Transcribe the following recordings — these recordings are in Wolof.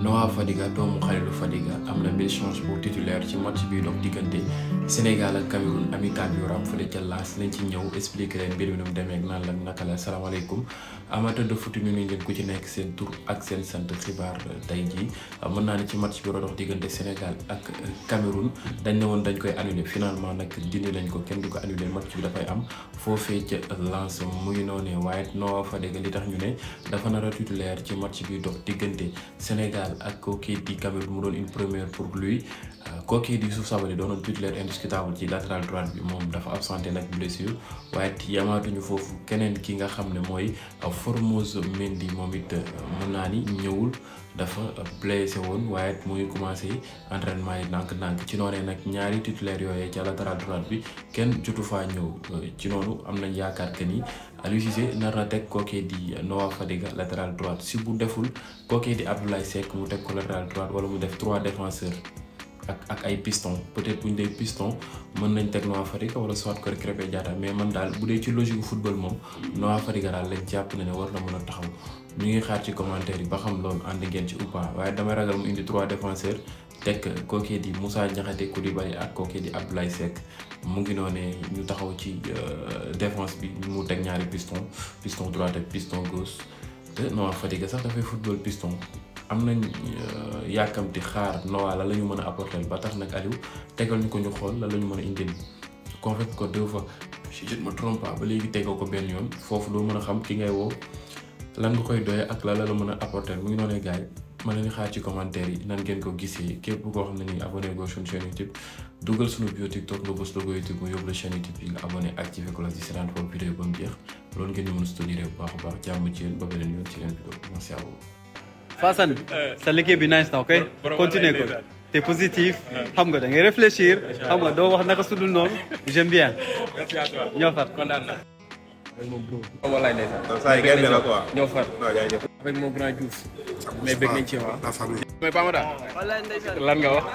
Noah Fadiga doomu Khalilou Fadiga am na mille chance pour titulaire ci match bi dox diggante Sénégal ak Cameroun amical bi war am fële ca laas nañ ci ñëw expliqué leen mbir mi nu mu demee ak naan la naka la salaamaaleykum amateur de foot ñu nuyu leen ku ci nekk seen tur ak seen sant xibaar tey jii. mën naa ne ci match bi doon dox diggante Sénégal ak euh, Cameroun dañ ne woon dañ koy annulé finalement nag dindi nañ ko kenn du ko annulé match bi dafay am foofee ca Lens mu ngi noonee waaye noo fa dégg li tax ñu ne dafa nar a titulaire ci match bi dox diggante Sénégal ak kooku di Cameroun mu doon une première pour lui euh, kooku di Youssouf doo doonoon titulaire indiscutable ci latéral droite bi moom dafa absenté nag blessure waaye yamaatuñu foofu keneen ki nga xam ne mooy euh, Formose Mendy moom it mën naa ni ñëwul. dafa blessé woon waaye it muy commencé entraînement yi ndànk-ndànk ci noonee nag ñaari titulaire yooyee ca latéral droite bi kenn jotu fa ñëw ci noonu am nañ yaakaar que ni Aliou Cissé nar na teg kookee di Noah Fadiga latéral droite si bu deful kookee di Abdoulaye Seck mu teg ko latéral droite wala mu def trois défenseurs ak ak ay piston peut-être bu ñu dee piston mën nañ teg Noah Fadiga wala soit ko Krépin Diatta mais man daal bu dee ci logique football moom Noah Fadiga daal lañ jàpp na ne war na mën a taxaw. ñu ngi xaar ci commentaire yi ba xam loolu ànd ngeen ci ou pas waaye dama ragal mu indi trois défenseurs tekk kookee di Moussa Diakhaté Koulibaly ak kookee di Abdoulaye Seck mu ngi noonee ñu taxaw ci euh, defence bi mu teg ñaari piston piston droite ak piston gauche te euh, Noah Fadiga sax dafay football piston am na euh, yàkkamti xaar Noah la la ñu mën a apporter ba tax nag Aliou tegal ñu ko ñu xool la la ñu mën a indil convaincre ko deux fois si je ne me trompe ba léegi tegoo ko benn yoon foofu doo mën a xam ki ngay woo lan nga koy doyee ak la la mën a apporter mu ngi noonee gars yi mën nañu xaar ci commentaire yi nan ngeen ko gisee képp koo xam ne nii abonné goo suñu chaîne YouTube dugal suñu bio TikTok nga bës logo YouTube mu yóbbu la chaîne YouTube yi ko la si seetaan foofu vidéo ba mu loolu ngeen ñu mën a soutenir bu baax a baax jàmm ci yéen ba beneen yoon ci leen vidéo merci à vous. Fassane sa liggéey bi nice na ok continue ko te positif xam da ngay réfléchir xam nga doo wax avec mon bro. walaay ndeysaan. saa yi gerte la quoi ñoo far. avec mon grand Diouf. mais bëgg nañ ci waaw. Ah. mais Pamada lan nga wax.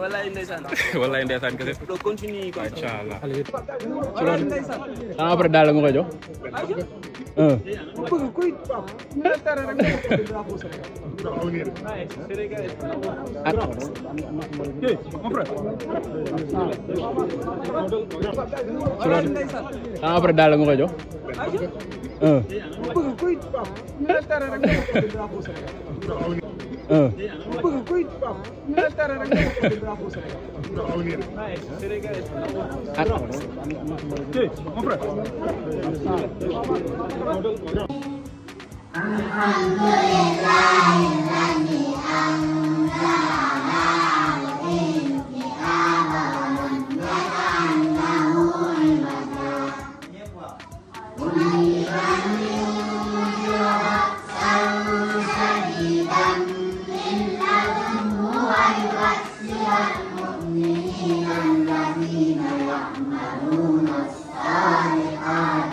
wallaay ndeysaan wallaay ndeysaan kese continue macha allah xanaa après daal daal la nga koy jox Alhamdulillah الذين يعملون الصالحات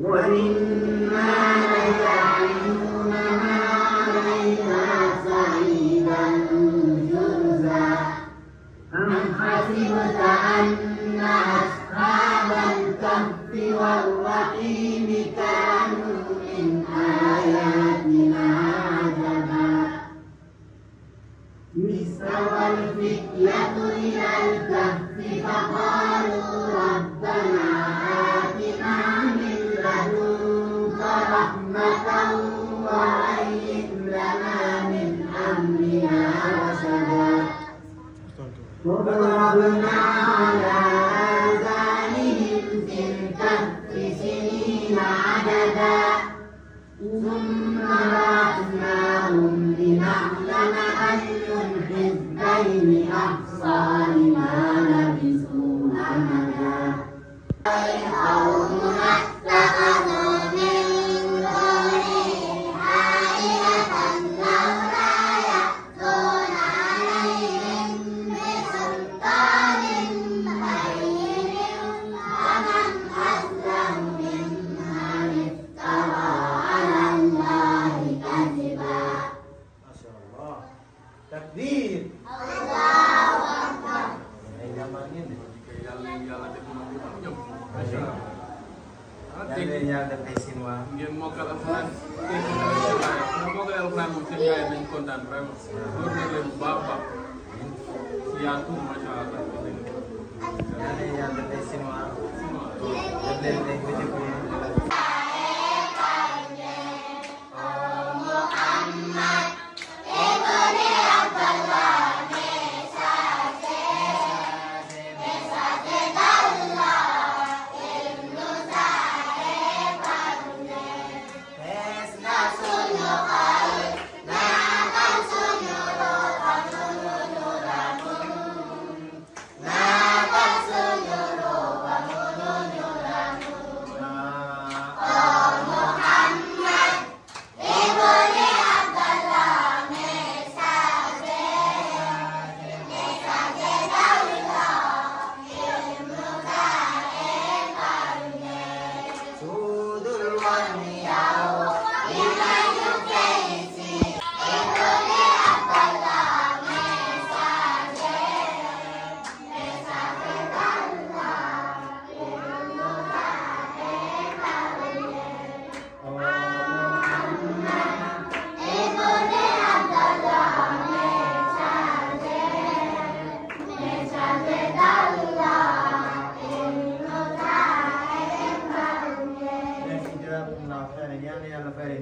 ولله وضربنا على آذانهم في الكهف سنين عددا ثم بعثناهم لنعلم أي الحزبين Takbir. Allahu Akbar. Ay namangin. Yàlla yàlla def na ko ñëpp. ah dégg ngeen yàlla def ay sinwaa. ngeen mokkal alxuraan. dégg ngeen alxuraan mokkal alxuraan moom seen yaay nañ kontaan vraiment. loolu nag leen bu baax a baax. si yaatu macha allah. yàlla yàlla def ay sinwaa. def leen ay bëccëg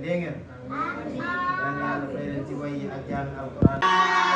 dégg ngeen yal na yàlla fay leen ci way yi ak jàng alquran